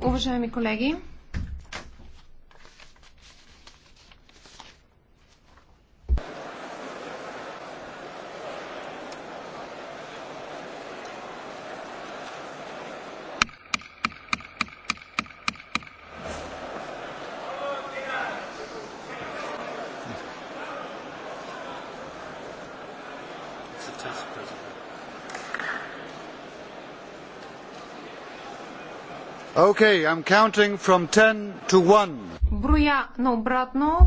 Уважаеми колеги, Okay, I'm counting from 10 to 1. Броя на обратно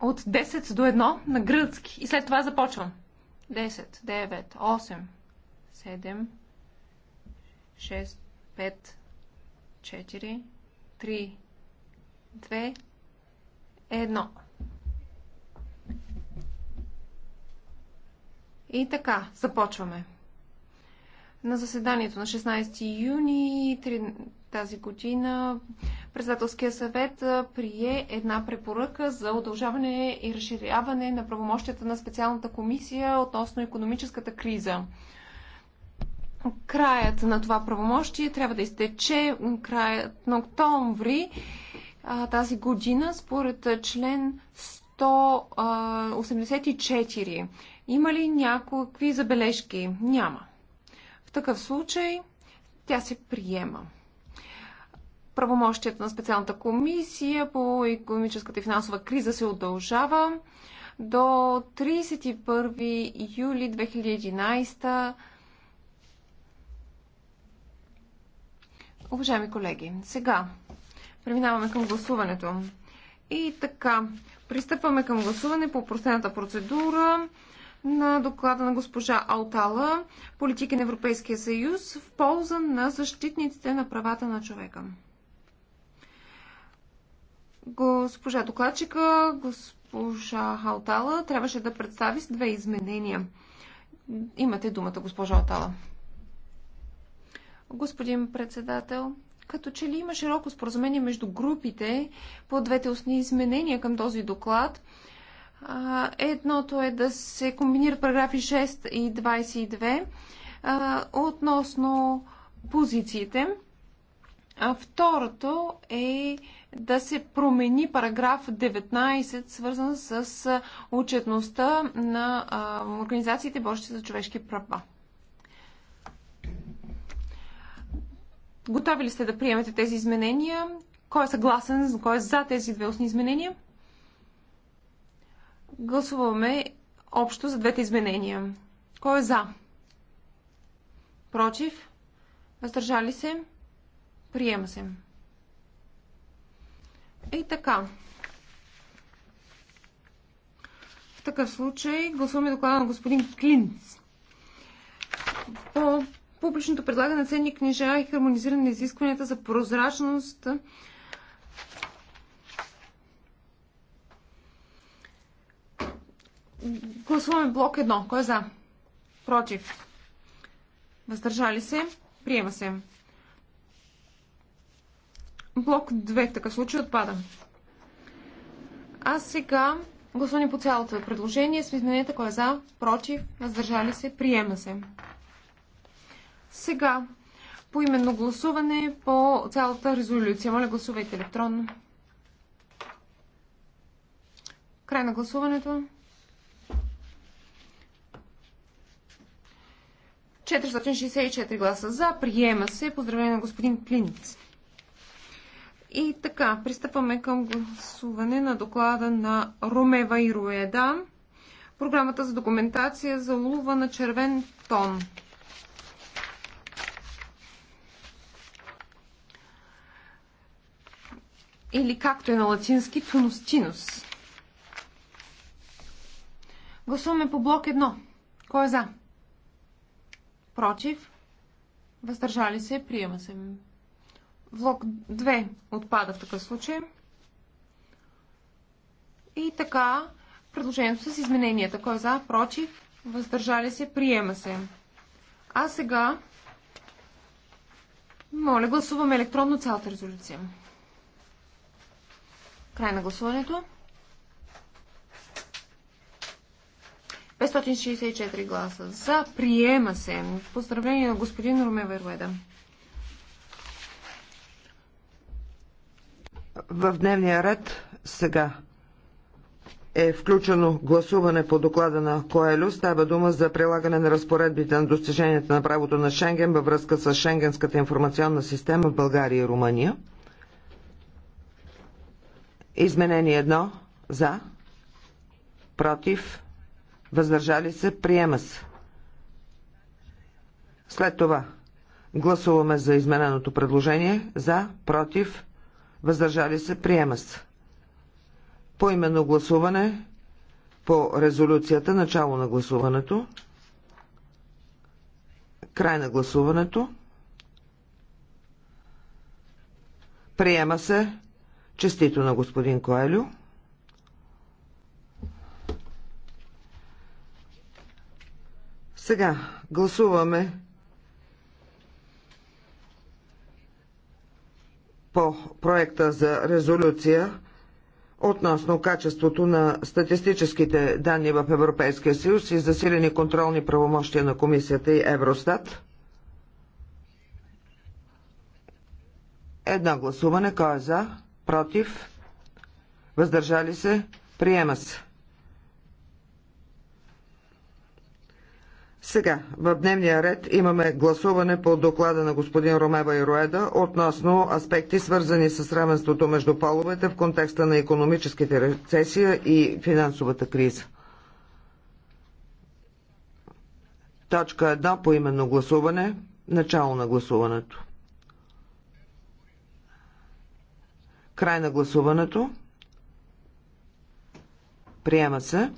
от 10 до 1 на гръцки. И след това започвам. 10, 9, 8, 7, 6, 5, 4, 3, 2, 1. И така, започваме. На заседанието на 16 юни тази година Председателския съвет прие една препоръка за удължаване и разширяване на правомощията на специалната комисия относно економическата криза. Краят на това правомощие трябва да изтече краят на октомври тази година според член 184. Има ли някакви забележки? Няма. В такъв случай тя се приема правомощията на специалната комисия по економическата и финансова криза се удължава до 31 юли 2011. Уважаеми колеги, сега преминаваме към гласуването. И така, пристъпваме към гласуване по простената процедура на доклада на госпожа Алтала «Политики на Европейския съюз в полза на защитниците на правата на човека» госпожа докладчика, госпожа Халтала, трябваше да представи с две изменения. Имате думата, госпожа Халтала. Господин председател, като че ли има широко споразумение между групите по двете основни изменения към този доклад. Едното е да се комбинират параграфи 6 и 22 относно позициите. А второто е да се промени параграф 19, свързан с отчетността на организациите борщи за човешки права. Готови ли сте да приемете тези изменения? Кой е съгласен, кой е за тези две осни изменения? Гласуваме общо за двете изменения. Кой е за? Против? Въздържали се? Приема се. И така. В такъв случай гласуваме доклада на господин Клинц. По публичното предлагане на ценни книжа и хармонизиране на изискванията за прозрачност Гласуваме блок 1. Кой е за? Против. Въздържали се? Приема се. Блок 2 в такъв случай отпада. А сега гласуване по цялото предложение с измененията, кой е за, против, въздържали се, приема се. Сега по именно гласуване по цялата резолюция. Моля, гласувайте електронно. Край на гласуването. 464 гласа за. Приема се. Поздравление на господин Клиниц. И така, пристъпваме към гласуване на доклада на Ромева и Руеда. Програмата за документация за улова на червен тон. Или както е на латински, тунустинус. Гласуваме по блок 1. Кой е за? Против? Въздържали се? Приема се. Влог 2 отпада в такъв случай. И така, предложението с измененията. Кой е за, против, въздържали се, приема се. А сега, моля, гласуваме електронно цялата резолюция. Край на гласуването. 564 гласа за. Приема се. Поздравление на господин Румева Руеда. в дневния ред сега е включено гласуване по доклада на Коелю. Става дума за прилагане на разпоредбите на достиженията на правото на Шенген във връзка с Шенгенската информационна система в България и Румъния. Изменение едно за, против, въздържали се, приема се. След това гласуваме за измененото предложение за, против, въздържали се, приема се. По именно гласуване по резолюцията, начало на гласуването, край на гласуването, приема се, честито на господин Коелю. Сега гласуваме по проекта за резолюция относно качеството на статистическите данни в Европейския съюз и засилени контролни правомощия на комисията и Евростат. Едно гласуване. Кой е за? Против? Въздържали се? Приема се. Сега, в дневния ред имаме гласуване по доклада на господин Ромева и Роеда относно аспекти свързани с равенството между половете в контекста на економическите рецесия и финансовата криза. Точка 1 по именно гласуване. Начало на гласуването. Край на гласуването. Приема се.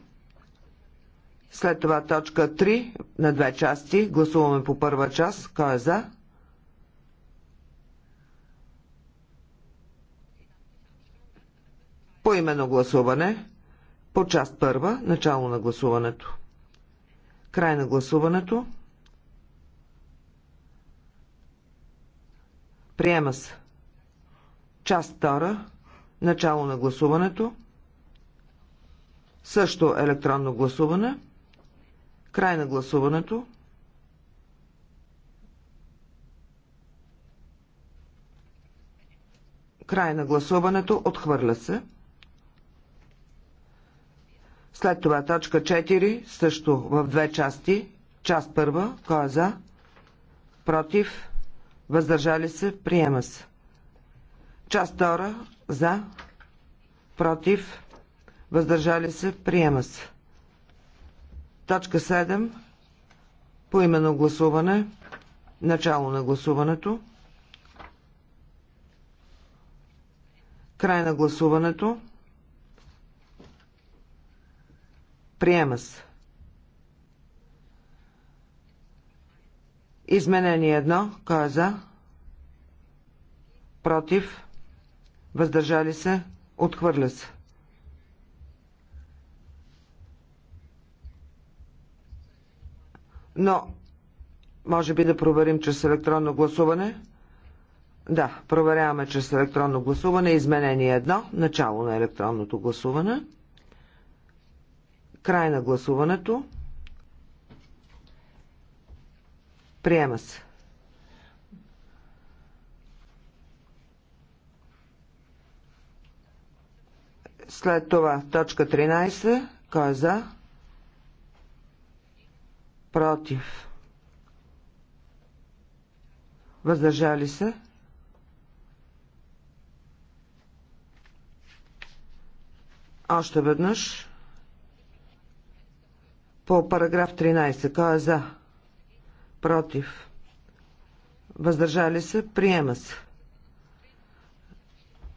След това точка 3 на две части. Гласуваме по първа част. Кой е за? По именно гласуване. По част първа. Начало на гласуването. Край на гласуването. Приема се. Част втора. Начало на гласуването. Също електронно гласуване. Край на гласуването. Край на гласуването. Отхвърля се. След това точка 4, също в две части. Част първа, кой е за? Против? Въздържали се? Приема се. Част втора, за? Против? Въздържали се? Приема се. Точка 7. имено гласуване. Начало на гласуването. Край на гласуването. Приема се. Изменение 1. Кой е за? Против. Въздържали се. Отхвърля се. Но, може би да проверим чрез електронно гласуване. Да, проверяваме чрез електронно гласуване. Изменение едно. Начало на електронното гласуване. Край на гласуването. Приема се. След това точка 13. Кой е за? против, въздържали се. Още веднъж по параграф 13. Кой е за? Против. Въздържали се? Приема се.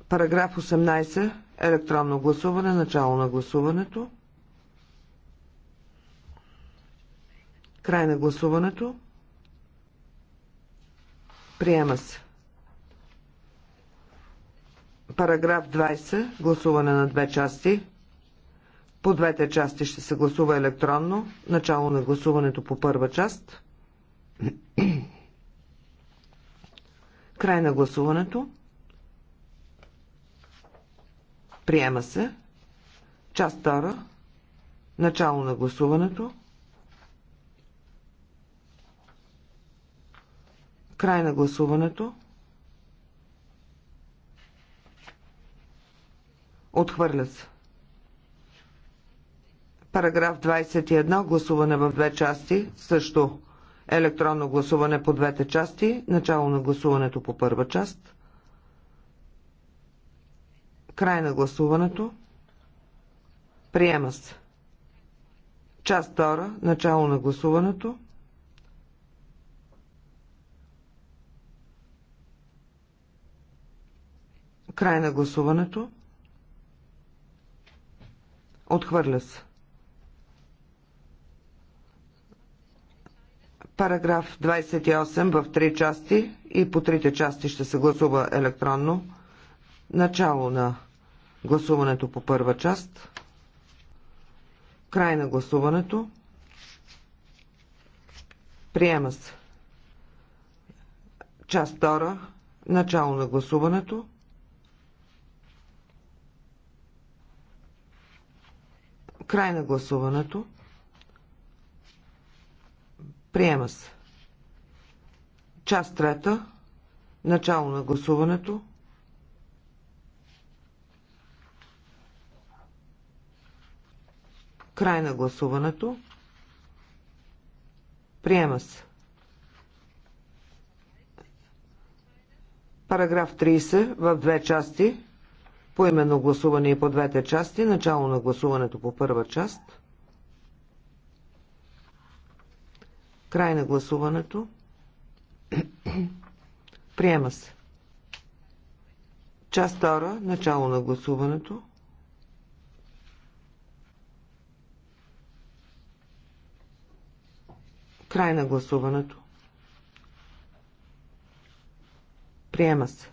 Параграф 18. Електронно гласуване. Начало на гласуването. Край на гласуването. Приема се. Параграф 20. Гласуване на две части. По двете части ще се гласува електронно. Начало на гласуването по първа част. Край на гласуването. Приема се. Част 2. Начало на гласуването. Край на гласуването. Отхвърля се. Параграф 21. Гласуване в две части. Също електронно гласуване по двете части. Начало на гласуването по първа част. Край на гласуването. Приема се. Част 2. Начало на гласуването. Край на гласуването. Отхвърля се. Параграф 28 в три части и по трите части ще се гласува електронно. Начало на гласуването по първа част. Край на гласуването. Приема се. Част 2. Начало на гласуването. Край на гласуването. Приема се. Част трета. Начало на гласуването. Край на гласуването. Приема се. Параграф 30 в две части поименно гласуване и по двете части. Начало на гласуването по първа част. Край на гласуването. Приема се. Част втора. Начало на гласуването. Край на гласуването. Приема се.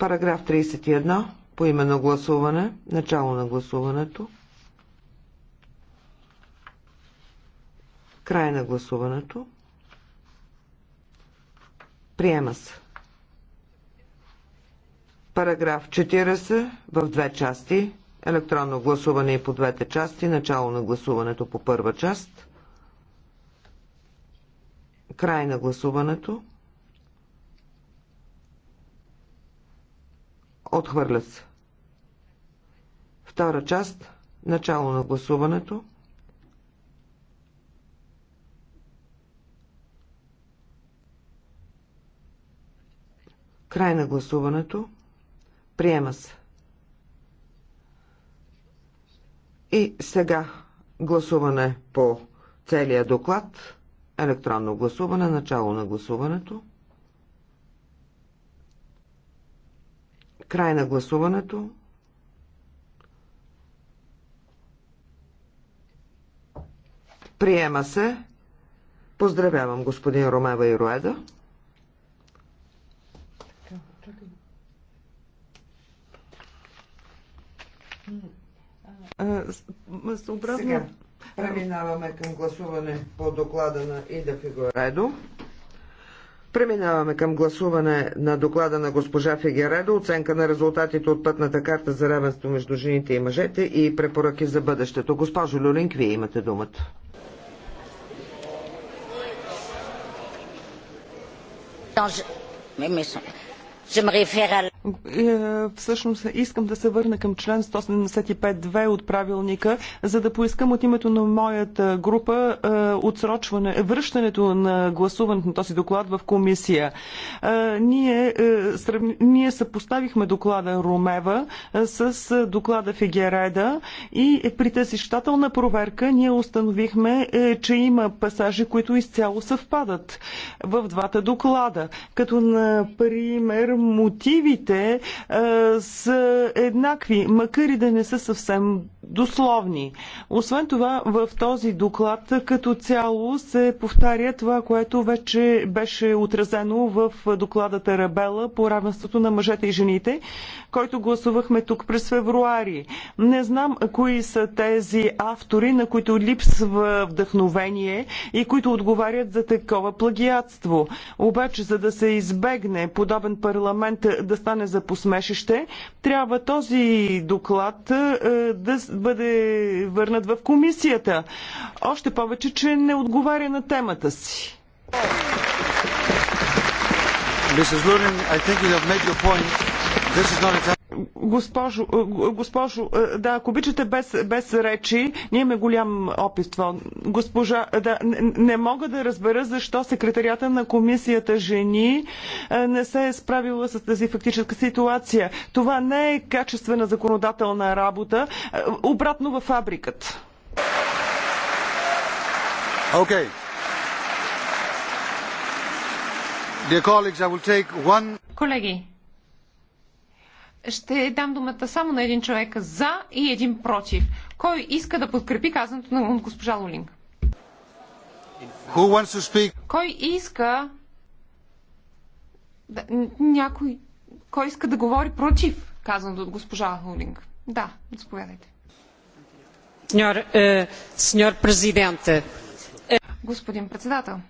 Параграф 31. По име на гласуване. Начало на гласуването. Край на гласуването. Приема се. Параграф 40 в две части. Електронно гласуване и по двете части. Начало на гласуването по първа част. Край на гласуването. Отхвърля се. Втора част. Начало на гласуването. Край на гласуването. Приема се. И сега гласуване по целия доклад. Електронно гласуване. Начало на гласуването. Край на гласуването. Приема се. Поздравявам господин Ромева и Роеда. Сега преминаваме към гласуване по доклада на Ида Фигоредо. Преминаваме към гласуване на доклада на госпожа Фигередо, оценка на резултатите от пътната карта за равенство между жените и мъжете и препоръки за бъдещето. Госпожо Люлинг, вие имате думата. Je me réfère à е, всъщност искам да се върна към член 175.2 от правилника, за да поискам от името на моята група е, отсрочване, връщането на гласуването на този доклад в комисия. Е, ние, ние съпоставихме доклада Румева с доклада Фигереда и при тази щателна проверка ние установихме, че има пасажи, които изцяло съвпадат в двата доклада. Като, например, мотивите думите е, са еднакви, макар и да не са съвсем дословни. Освен това, в този доклад като цяло се повтаря това, което вече беше отразено в докладата Рабела по равенството на мъжете и жените, който гласувахме тук през февруари. Не знам кои са тези автори, на които липсва вдъхновение и които отговарят за такова плагиатство. Обаче, за да се избегне подобен парламент да стане остане за посмешище, трябва този доклад е, да бъде върнат в комисията. Още повече, че не отговаря на темата си. Mrs. Lurin, I think you have made your point. Госпожо, госпожо, да, ако обичате без, без речи, ние имаме голям опит това. Госпожа, да, не, не мога да разбера защо секретарията на комисията жени е, не се е справила с тази фактическа ситуация. Това не е качествена законодателна работа, е, обратно във фабриката. Okay. one... Колеги, ще дам думата само на един човек за и един против. Кой иска да подкрепи казаното на госпожа Лулинг? Кой иска да, някой, кой иска да говори против казаното от госпожа Лулинг? Да, заповядайте. Е, Господин председател,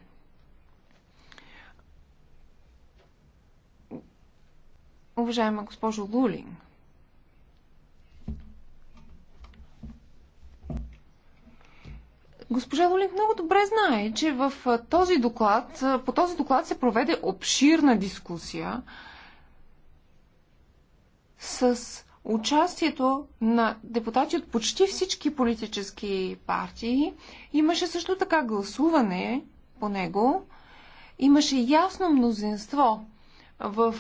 Уважаема госпожо Лулин, Госпожа Лулин, много добре знае, че в този доклад, по този доклад се проведе обширна дискусия с участието на депутати от почти всички политически партии. Имаше също така гласуване по него. Имаше ясно мнозинство в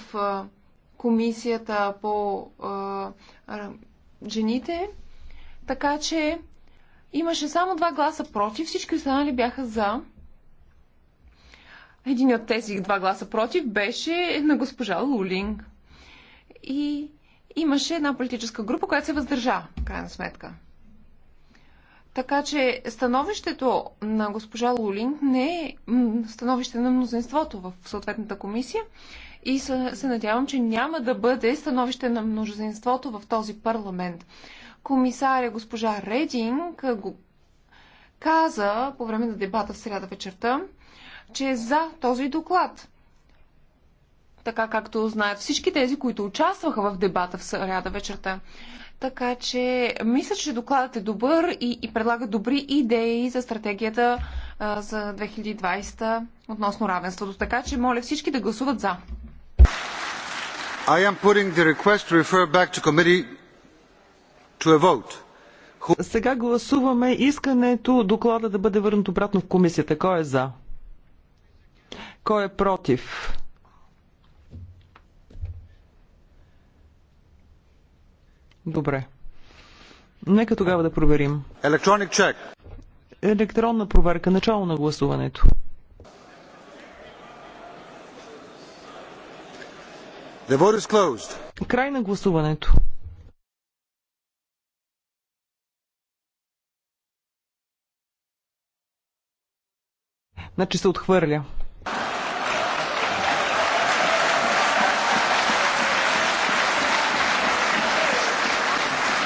комисията по а, а, жените. Така че имаше само два гласа против, всички останали бяха за. Един от тези два гласа против беше на госпожа Лулинг. И имаше една политическа група, която се въздържа, крайна сметка. Така че становището на госпожа Лулинг не е становище на мнозинството в съответната комисия, и се надявам, че няма да бъде становище на множественството в този парламент. Комисаря госпожа Рединг го каза по време на дебата в среда вечерта, че е за този доклад. Така както знаят всички тези, които участваха в дебата в среда вечерта. Така че мисля, че докладът е добър и, и предлага добри идеи за стратегията а, за 2020 относно равенството. Така че моля всички да гласуват за. Сега гласуваме искането доклада да бъде върнат обратно в комисията. Кой е за? Кой е против? Добре. Нека тогава да проверим. Електронна проверка. Начало на гласуването. The vote is closed. Край на гласуването. Значи се отхвърля.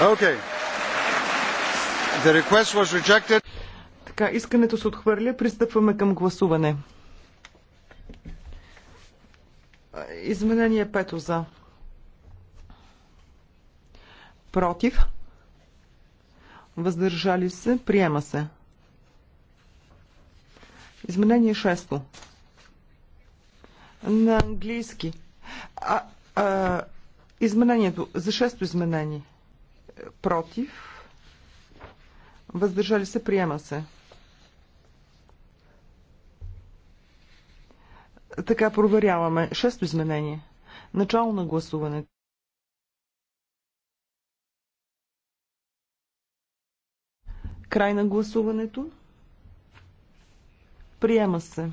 Okay. The request was rejected. Така, искането се отхвърля. Пристъпваме към гласуване. Изменение пето за. Против. Въздържали се. Приема се. Изменение 6. На английски. А, а, изменението. За шесто изменение. Против. Въздържали се. Приема се. Така проверяваме. Шесто изменение. Начало на гласуването. Край на гласуването. Приема се.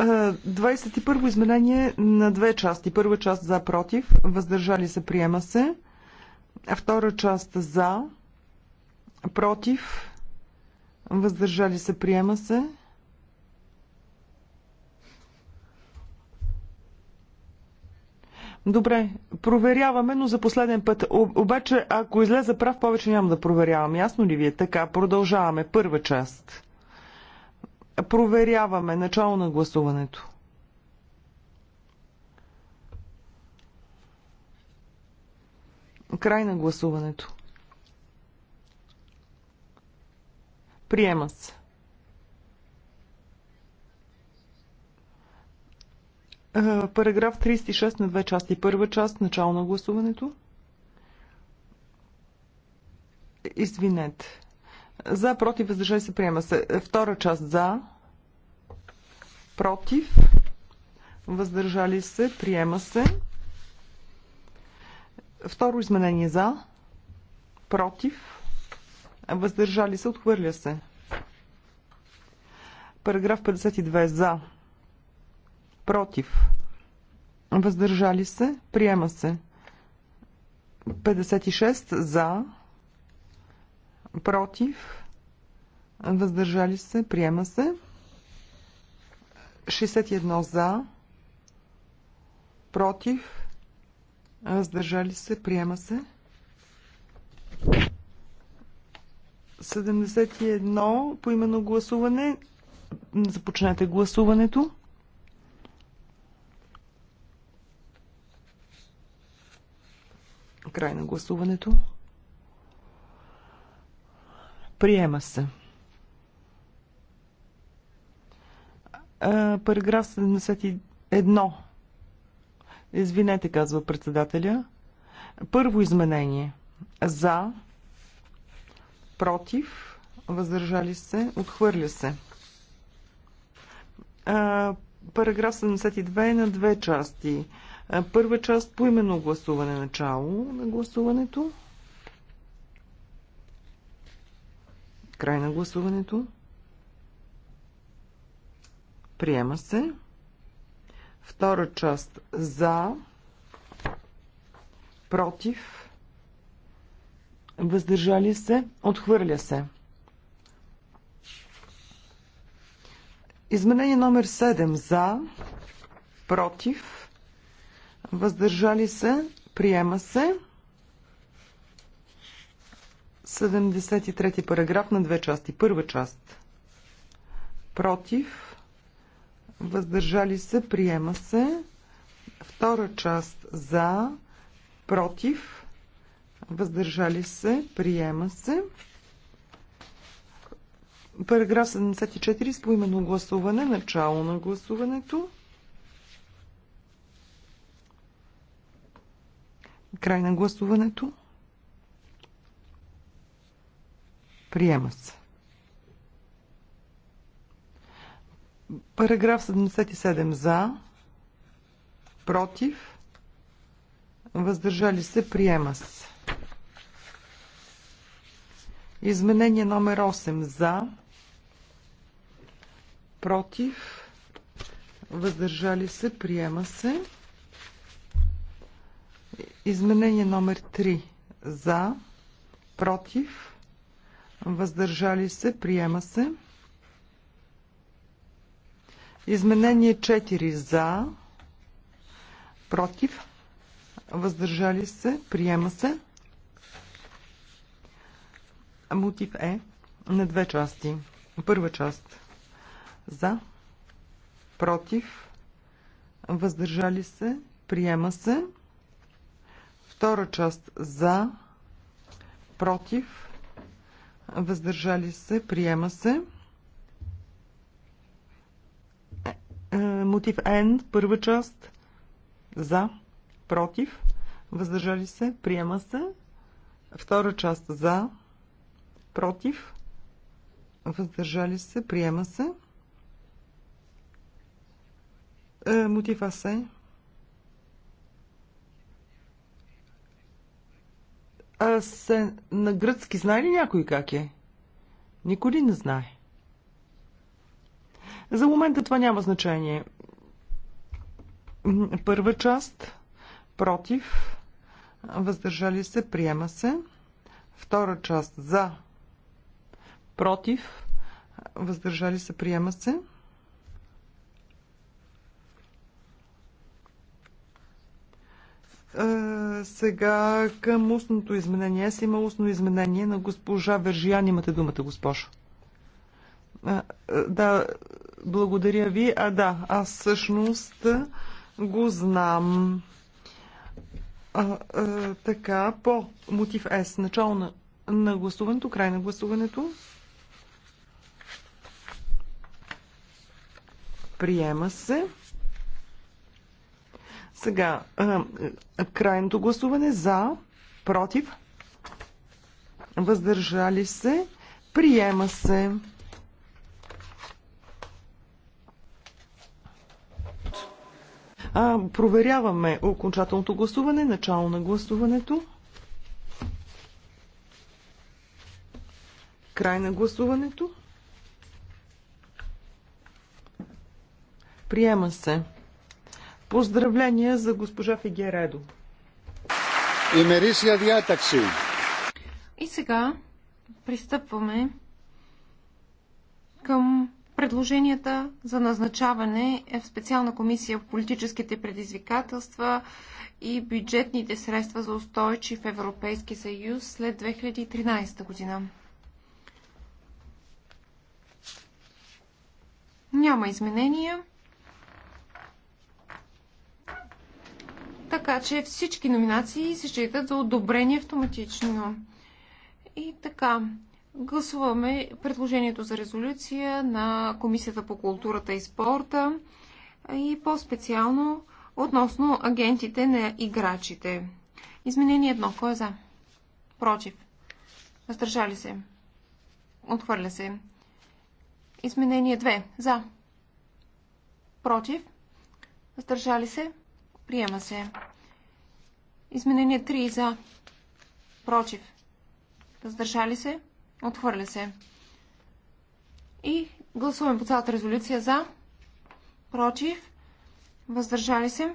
21 во изменение на две части. Първа част за против, въздържали се, приема се. Втора част за, против, въздържали се, приема се. Добре, проверяваме, но за последен път. Обаче, ако излезе прав, повече няма да проверявам. Ясно ли ви е? Така, продължаваме. Първа част. Проверяваме начало на гласуването. Край на гласуването. Приема се. Е, параграф 36 на две части. Първа част, начало на гласуването. Извинете. За, против, въздържали се, приема се. Втора част за, против, въздържали се, приема се. Второ изменение за, против, въздържали се, отхвърля се. Параграф 52 за, против, въздържали се, приема се. 56 за, против, въздържали се, приема се. 61 за, против, въздържали се, приема се. 71 по именно гласуване. Започнете гласуването. Край на гласуването. Приема се. Параграф 71. Извинете, казва председателя. Първо изменение. За, против, въздържали се, отхвърля се. Параграф 72 е на две части. Първа част по именно гласуване начало на гласуването. Край на гласуването. Приема се. Втора част за, против, въздържали се, отхвърля се. Изменение номер 7 за, против, въздържали се, приема се. 73 параграф на две части. Първа част. Против. Въздържали се. Приема се. Втора част. За. Против. Въздържали се. Приема се. Параграф 74 с поименно гласуване. Начало на гласуването. Край на гласуването. Приема се. Параграф 77 за, против, въздържали се, приема се. Изменение номер 8 за, против, въздържали се, приема се. Изменение номер 3 за, против, въздържали се, приема се. Изменение 4 за, против, въздържали се, приема се. Мотив е на две части. Първа част за, против, въздържали се, приема се. Втора част за, против, въздържали се, приема се. Е, е, мотив N, първа част, за, против, въздържали се, приема се. Втора част, за, против, въздържали се, приема се. Е, мотив АСЕ, А се на гръцки знае ли някой как е? Никой ли не знае? За момента това няма значение. Първа част против, въздържали се, приема се. Втора част за, против, въздържали се, приема се. сега към устното изменение. Аз има устно изменение на госпожа Вержиян. Имате думата, госпожо. да, благодаря ви. А да, аз всъщност го знам. А, а, така, по мотив С, начало на, на гласуването, край на гласуването. Приема се. Сега, крайното гласуване за, против, въздържали се, приема се. А, проверяваме окончателното гласуване, начало на гласуването. Край на гласуването. Приема се. Поздравления за госпожа Фигередо. Мерисия диатакси. И сега пристъпваме към предложенията за назначаване е в специална комисия по политическите предизвикателства и бюджетните средства за устойчив Европейски съюз след 2013 година. Няма изменения. Така че всички номинации се считат за одобрение автоматично. И така, гласуваме предложението за резолюция на Комисията по културата и спорта и по-специално относно агентите на играчите. Изменение едно. Кой е за? Против. Въздържали се. Отхвърля се. Изменение 2. За. Против. Въздържали се. Приема се. Изменение 3 за. Против. Въздържали се. Отхвърля се. И гласуваме по цялата резолюция за. Против. Въздържали се.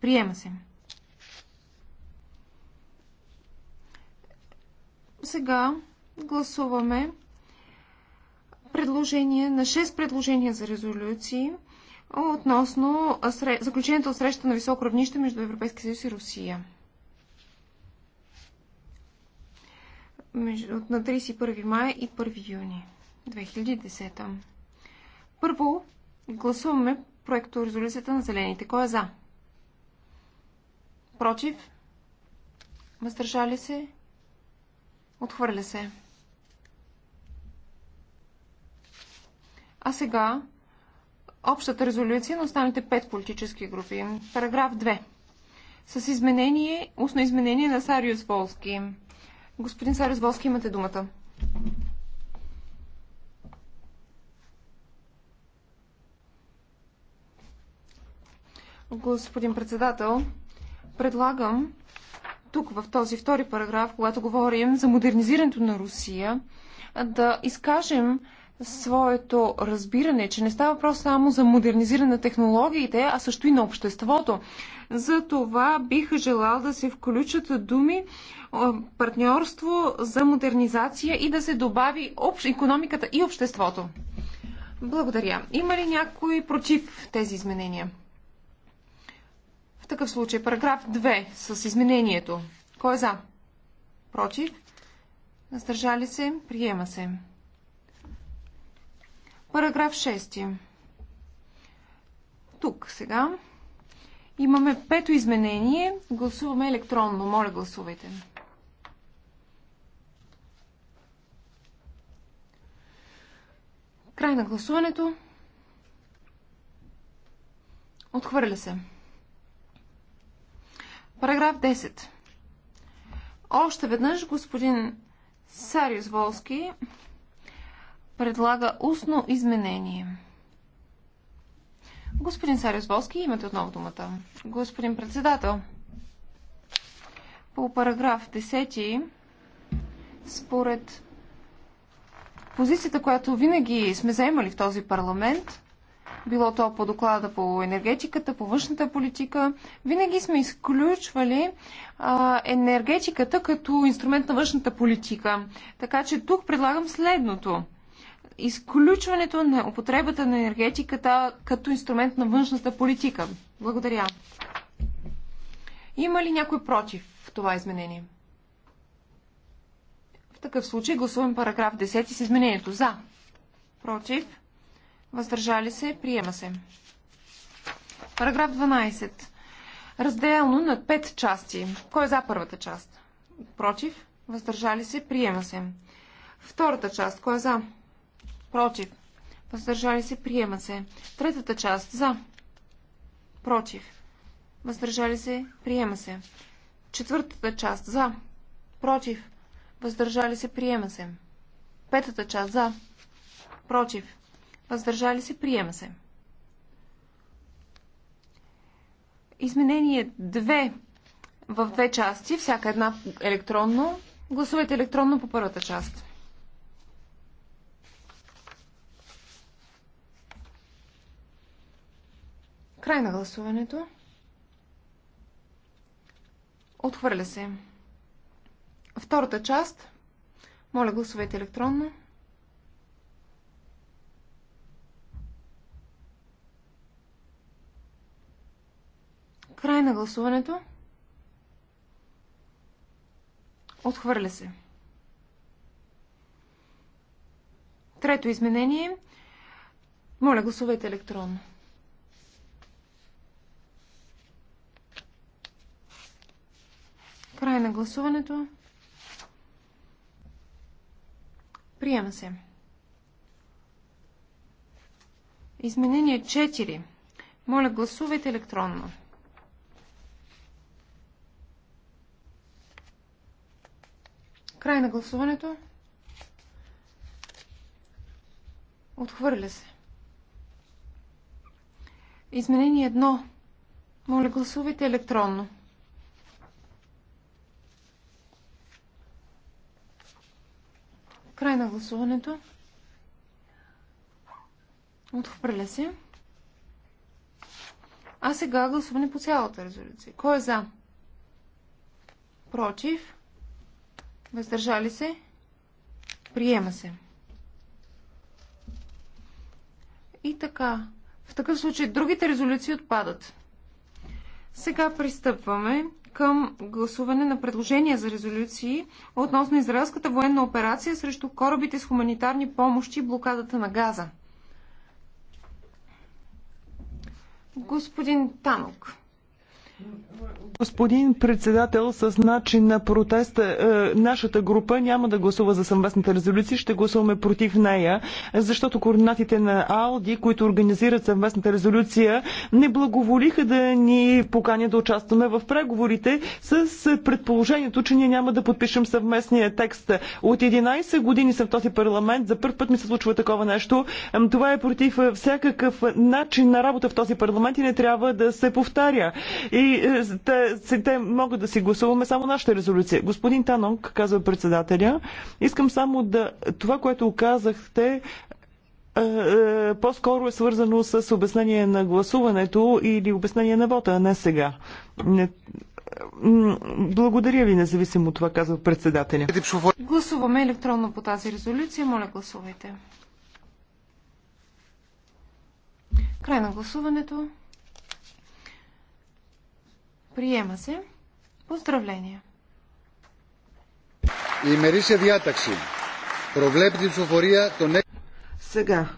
Приема се. Сега гласуваме предложение на 6 предложения за резолюции относно заключението от среща на високо равнище между Европейския съюз и Русия. на 31 май и 1 юни 2010. Първо гласуваме проекто резолюцията на зелените. Кой е за? Против? Въздържали се? Отхвърля се. А сега общата резолюция на останалите пет политически групи. Параграф 2. С изменение, устно изменение на Сариус Волски. Господин Сариус Волски, имате думата. Господин председател, предлагам тук в този втори параграф, когато говорим за модернизирането на Русия, да изкажем своето разбиране, че не става въпрос само за модернизиране на технологиите, а също и на обществото. За това бих желал да се включат думи партньорство за модернизация и да се добави общ, економиката и обществото. Благодаря. Има ли някой против тези изменения? В такъв случай, параграф 2 с изменението. Кой е за? Против? Въздържали се? Приема се. Параграф 6. Тук сега имаме пето изменение. Гласуваме електронно. Моля, гласувайте. Край на гласуването. Отхвърля се. Параграф 10. Още веднъж господин Сариус Волски предлага устно изменение. Господин Сарис Волски, имате отново думата. Господин председател, по параграф 10, според позицията, която винаги сме заемали в този парламент, било то по доклада по енергетиката, по външната политика, винаги сме изключвали а, енергетиката като инструмент на външната политика. Така че тук предлагам следното – изключването на употребата на енергетиката като инструмент на външната политика. Благодаря. Има ли някой против това изменение? В такъв случай гласуваме параграф 10 с изменението за. Против. Въздържали се. Приема се. Параграф 12. Разделно на 5 части. Кой е за първата част? Против. Въздържали се. Приема се. Втората част. Кой е за? Против. Въздържали се. Приема се. Третата част. За. Против. Въздържали се. Приема се. Четвъртата част. За. Против. Въздържали се. Приема се. Петата част. За. Против. Въздържали се. Приема се. Изменение 2 в две части, всяка една електронно. Гласувайте електронно по първата част. Край на гласуването. Отхвърля се. Втората част. Моля, гласувайте електронно. Край на гласуването. Отхвърля се. Трето изменение. Моля, гласувайте електронно. Край на гласуването. Приема се. Изменение 4. Моля, гласувайте електронно. Край на гласуването. Отхвърля се. Изменение 1. Моля, гласувайте електронно. Край на гласуването. Отхвърля се. А сега гласуване по цялата резолюция. Кой е за? Против? Въздържали се? Приема се. И така. В такъв случай другите резолюции отпадат. Сега пристъпваме към гласуване на предложения за резолюции относно израелската военна операция срещу корабите с хуманитарни помощи и блокадата на газа. Господин Танок. Господин председател, с начин на протеста е, нашата група няма да гласува за съвместната резолюция, ще гласуваме против нея, защото координатите на Алди, които организират съвместната резолюция, не благоволиха да ни поканят да участваме в преговорите с предположението, че ние няма да подпишем съвместния текст. От 11 години съм в този парламент, за първ път ми се случва такова нещо. Това е против всякакъв начин на работа в този парламент и не трябва да се повтаря. И и е, те, те могат да си гласуваме само нашата резолюция. Господин Танонг, казва председателя, искам само да... Това, което казахте, е, е, по-скоро е свързано с обяснение на гласуването или обяснение на вота, а не сега. Не... Благодаря ви, независимо от това, казва председателя. Гласуваме електронно по тази резолюция. Моля, гласувайте. Край на гласуването. Приема се. Поздравления. Η диатакси. Проблепти προβλέπει την ψηφοφορία Сега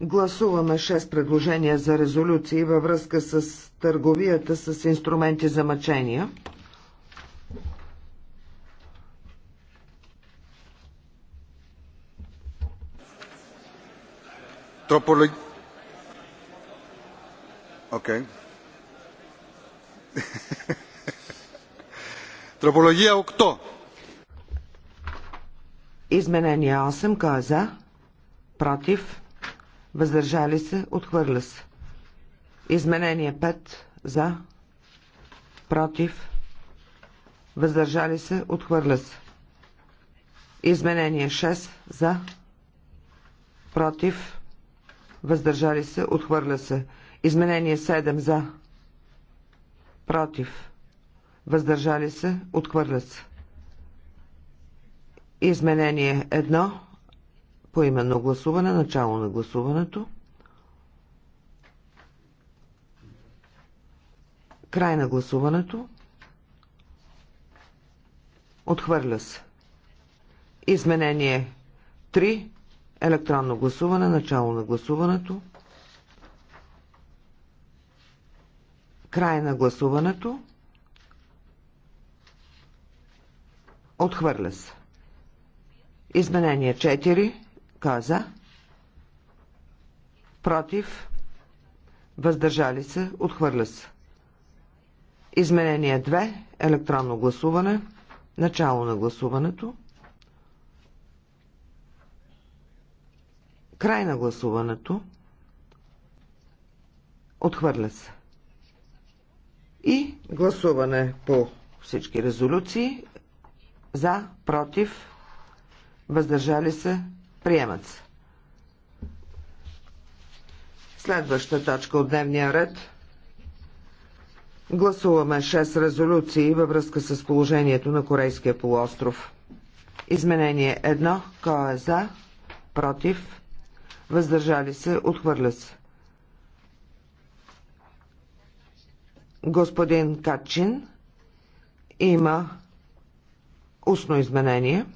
гласуваме 6 предложения за резолюции във връзка с търговията с инструменти за мъчения. Тропологи... Okay. Τροπολογία 8. Изменение 8. Кой е за? Против? Въздържали се? Отхвърля се. Изменение 5. За? Против? Въздържали се? Отхвърля се. Изменение 6. За? Против? Въздържали се? Отхвърля се. Изменение 7. За? против, въздържали се, отхвърля се. Изменение 1 по именно гласуване, начало на гласуването. Край на гласуването. Отхвърля се. Изменение 3. Електронно гласуване. Начало на гласуването. Край на гласуването. Отхвърля се. Изменение 4. Каза. Е Против. Въздържали се. Отхвърля се. Изменение 2. Електронно гласуване. Начало на гласуването. Край на гласуването. Отхвърля се. И гласуване по всички резолюции за, против, въздържали се, приемат се. Следваща точка от дневния ред. Гласуваме 6 резолюции във връзка с положението на Корейския полуостров. Изменение 1. Кой е за? Против? Въздържали се? Отхвърля се. господин Качин има устно изменение.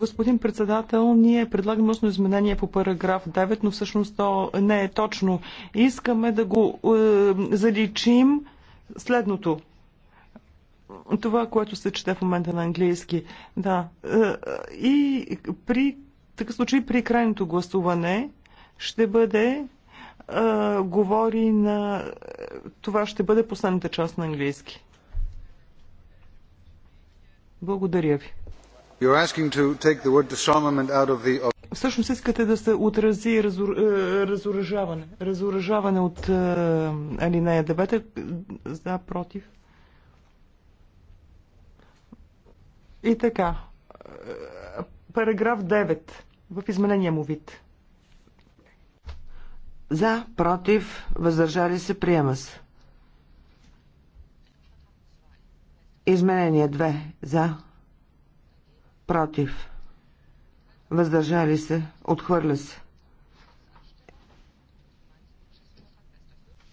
Господин председател, ние предлагаме устно изменение по параграф 9, но всъщност то не е точно. Искаме да го е, заличим следното това, което се чете в момента на английски. Да. Е, е, и при такъв случай при крайното гласуване ще бъде е, говори на... Това ще бъде последната част на английски. Благодаря ви. Всъщност искате да се отрази разоръжаване. Разоръжаване от алинея 9 за против. И така. Е, параграф 9 в изменения му вид. За, против, въздържали се, приема се. Изменение 2. За, против, въздържали се, отхвърля се.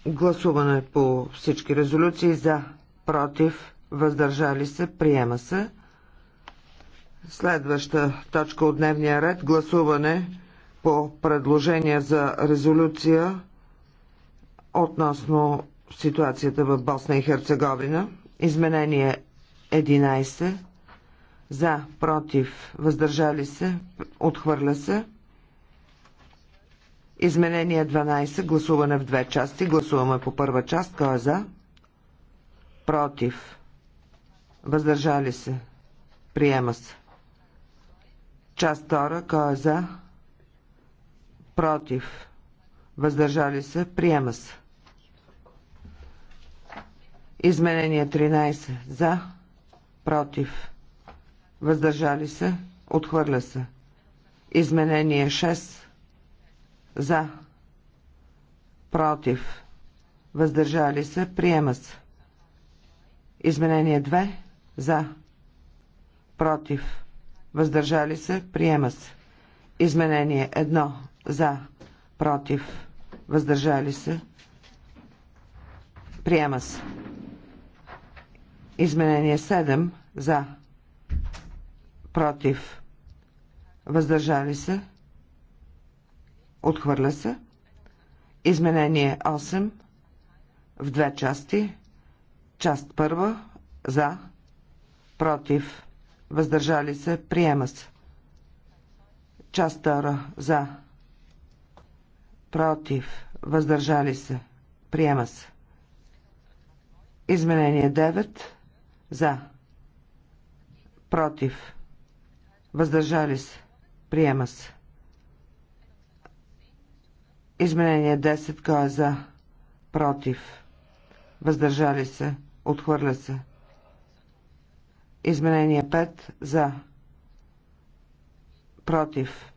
Гласуване по всички резолюции за, против, въздържали се, приема се. Следваща точка от дневния ред – гласуване по предложение за резолюция относно ситуацията в Босна и Херцеговина. Изменение 11. За, против, въздържали се, отхвърля се. Изменение 12. Гласуване в две части. Гласуваме по първа част. Кой е за? Против. Въздържали се. Приема се. Част втора. Кой е за? Против. Въздържали се. Приема се. Изменение 13. За. Против. Въздържали се. Отхвърля се. Изменение 6. За. Против. Въздържали се. Приема се. Изменение 2. За. Против въздържали се, приема се. Изменение 1 за, против, въздържали се, приема се. Изменение 7 за, против, въздържали се, отхвърля се. Изменение 8 в две части. Част първа за, против, въздържали се, приема се. Част втора за, против, въздържали се, приема се. Изменение 9 за, против, въздържали се, приема се. Изменение 10 кой е за, против, въздържали се, отхвърля се. Изменение 5 за. Против.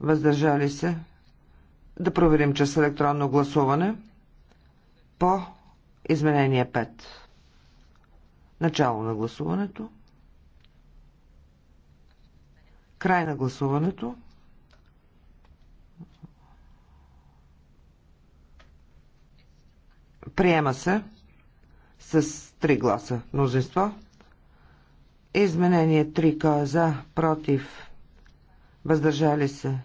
Въздържали се. Да проверим чрез електронно гласуване по изменение 5. Начало на гласуването. Край на гласуването. Приема се с 3 гласа мнозинство. Изменение 3. Кой е за? Против? Въздържали се?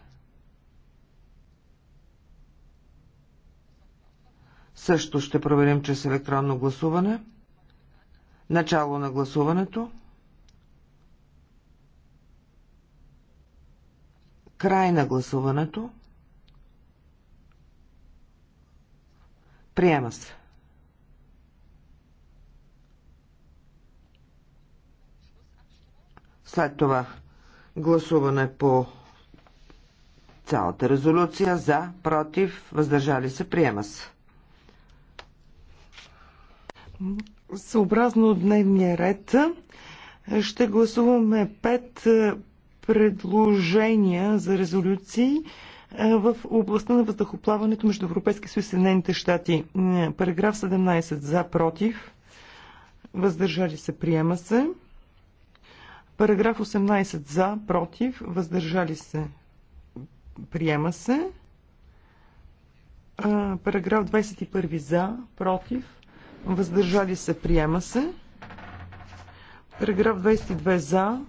Също ще проверим чрез електронно гласуване. Начало на гласуването. Край на гласуването. Приема се. След това гласуване по цялата резолюция за, против, въздържали се, приема се. Съобразно дневния ред ще гласуваме пет предложения за резолюции в областта на въздухоплаването между Европейския съюз и Съединените щати. Параграф 17 за, против, въздържали се, приема се. Параграф 18 за, против, въздържали се, приема се. Параграф 21 за, против, въздържали се, приема се. Параграф 22 за,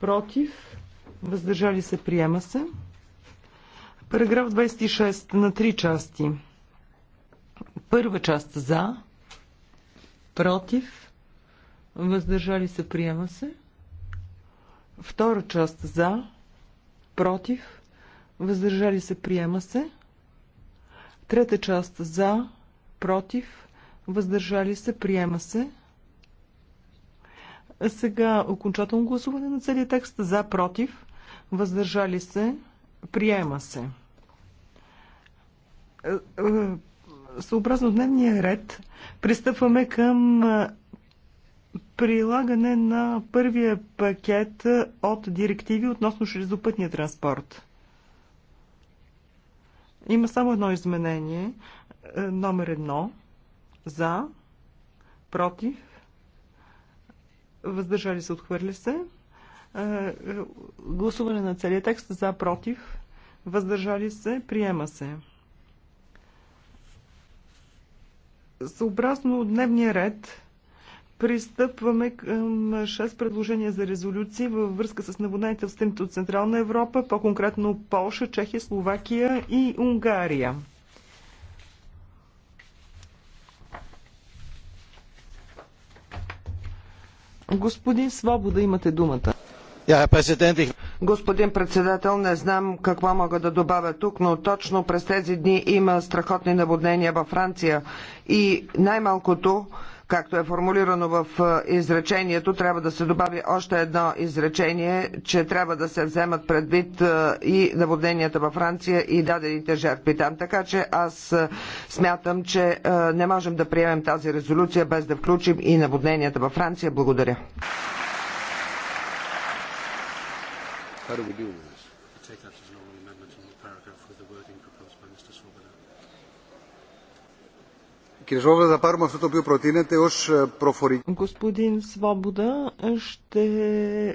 против, въздържали се, приема се. Параграф 26 на три части. Първа част за, против, въздържали се, приема се. Втора част за, против, въздържали се, приема се. Трета част за, против, въздържали се, приема се. А сега окончателно гласуване на целият текст за, против, въздържали се, приема се. Е, е, съобразно дневния ред, пристъпваме към е, прилагане на първия пакет от директиви относно железопътния транспорт. Има само едно изменение. Е, номер едно. За. Против. Въздържали се, отхвърли се. Е, е, гласуване на целия текст. За. Против. Въздържали се. Приема се. Съобразно дневния ред Пристъпваме към 6 предложения за резолюции във връзка с наводнените в страните от Централна Европа, по-конкретно Полша, Чехия, Словакия и Унгария. Господин Свобода, имате думата. Господин председател, не знам какво мога да добавя тук, но точно през тези дни има страхотни наводнения във Франция и най-малкото както е формулирано в е, изречението, трябва да се добави още едно изречение, че трябва да се вземат предвид е, и наводненията във Франция и дадените жертви там. Така че аз е, смятам, че не можем да приемем тази резолюция без да включим и наводненията във Франция. Благодаря. Господин Свобода, ще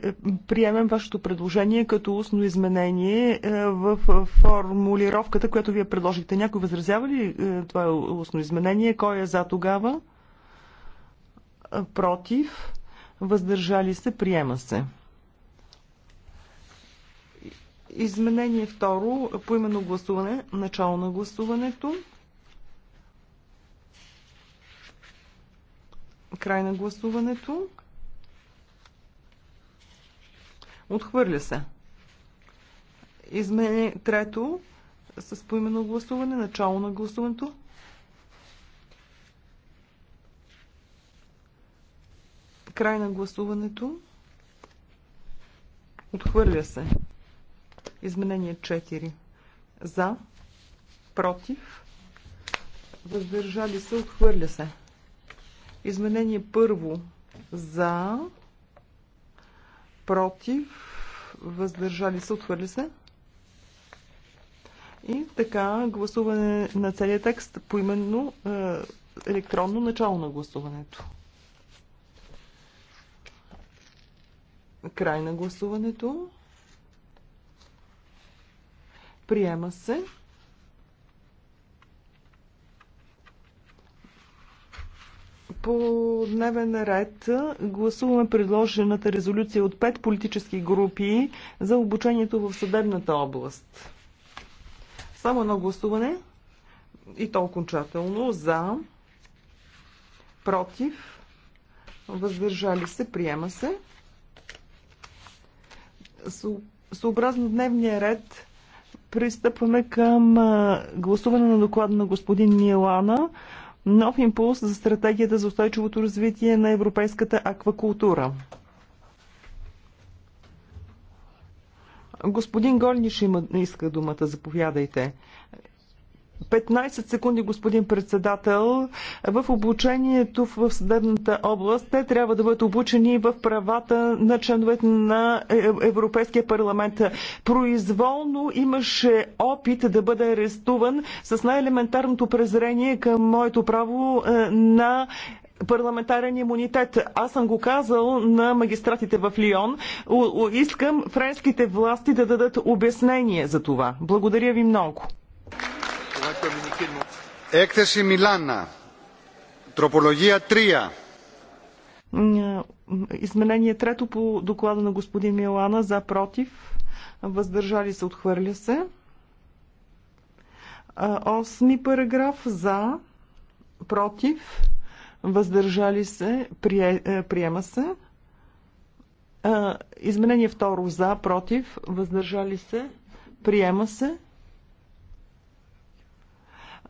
е, приемем вашето предложение като устно изменение е, в формулировката, която вие предложихте. Някой възразява ли е, това е устно изменение? Кой е за тогава? Против? Въздържали се? Приема се. Изменение второ, поименно гласуване, начало на гласуването. Край на гласуването. Отхвърля се. Измене трето с поименно гласуване, начало на гласуването. Край на гласуването. Отхвърля се. Изменение 4. За. Против. Въздържали се. Отхвърля се. Изменение първо за, против, въздържали се, отхвърли се. И така, гласуване на целият текст по именно е, електронно начало на гласуването. Край на гласуването. Приема се. по дневен ред гласуваме предложената резолюция от пет политически групи за обучението в съдебната област. Само едно гласуване и то окончателно за, против, въздържали се, приема се. Съобразно дневния ред пристъпваме към гласуване на доклада на господин Милана нов импулс за стратегията за устойчивото развитие на европейската аквакултура. Господин Горниш има, иска думата, заповядайте. 15 секунди, господин председател. В обучението в съдебната област те трябва да бъдат обучени в правата на членовете на е- е- Европейския парламент. Произволно имаше опит да бъде арестуван с най-елементарното презрение към моето право е, на парламентарен имунитет. Аз съм го казал на магистратите в Лион. Искам френските власти да дадат обяснение за това. Благодаря ви много. Έκθεση Μιλάνα. Τροπολογία 3. Изменение трето по доклада на господин Милана за против. Въздържали се, отхвърля се. Осми параграф за против. Въздържали се, е, приема се. Изменение второ за против. Въздържали се, приема се.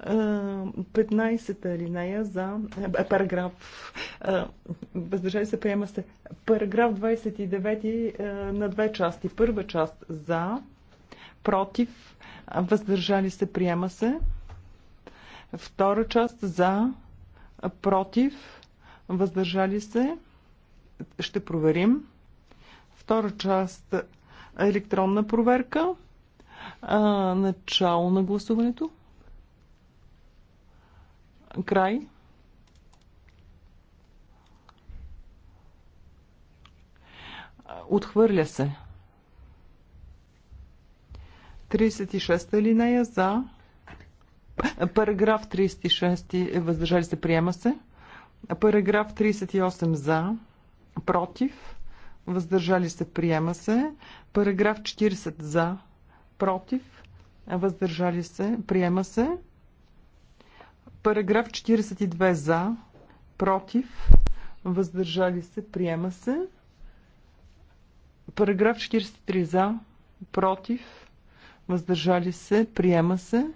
15-та алинея за е, параграф е, въздържали се приема се параграф 29 е, на две части. Първа част за, против, въздържали се приема се. Втора част за, против, въздържали се. Ще проверим. Втора част електронна проверка. начало на гласуването. Край. Отхвърля се. 36-та линия за. Параграф 36 въздържали се, приема се. Параграф 38 за. Против. Въздържали се, приема се. Параграф 40 за. Против. Въздържали се, приема се. Параграф 42 за, против, въздържали се, приема се. Параграф 43 за, против, въздържали се, приема се.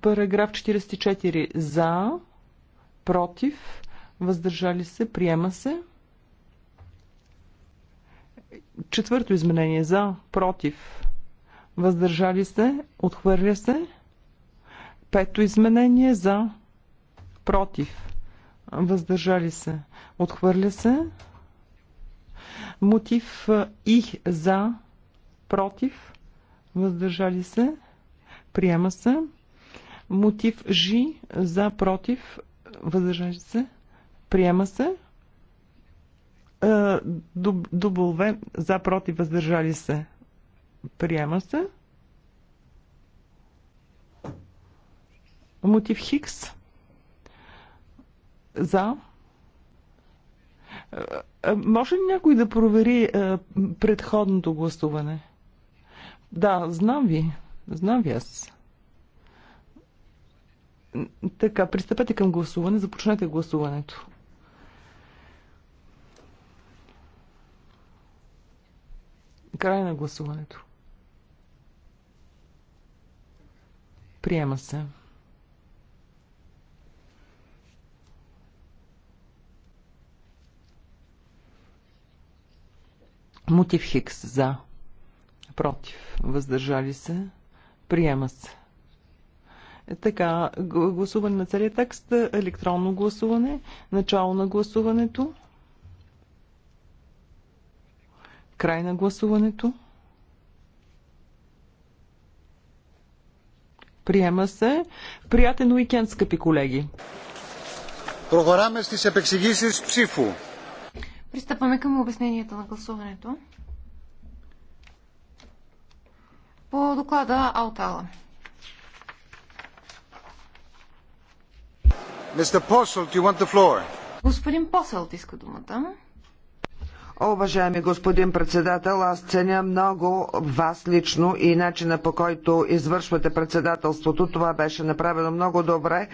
Параграф 44 за, против, въздържали се, приема се. Четвърто изменение за, против, въздържали се, отхвърля се. Пето изменение за против. Въздържали се. Отхвърля се. Мотив и за против. Въздържали се. Приема се. Мотив Жи за против. Въздържали се. Приема се. Дуб, дубл за против. Въздържали се. Приема се. Мотив Хикс. За. Е, е, може ли някой да провери е, предходното гласуване? Да, знам ви. Знам ви аз. Така, пристъпете към гласуване. Започнете гласуването. Край на гласуването. Приема се. Мотив Хикс за. Против. Въздържали се. Приема се. Е, така, гласуване на целият текст, електронно гласуване, начало на гласуването, край на гласуването. Приема се. Приятен уикенд, скъпи колеги! Προχωράμε στις επεξηγήσεις ψήφου. Пристъпваме към обясненията на гласуването. По доклада Алтала. Господин Посълт иска думата. Уважаеми господин председател, аз ценя много вас лично и начина по който извършвате председателството. Това беше направено много добре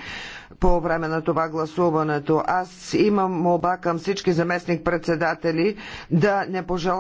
по време на това гласуването. Аз имам молба към всички заместник председатели да не пожелават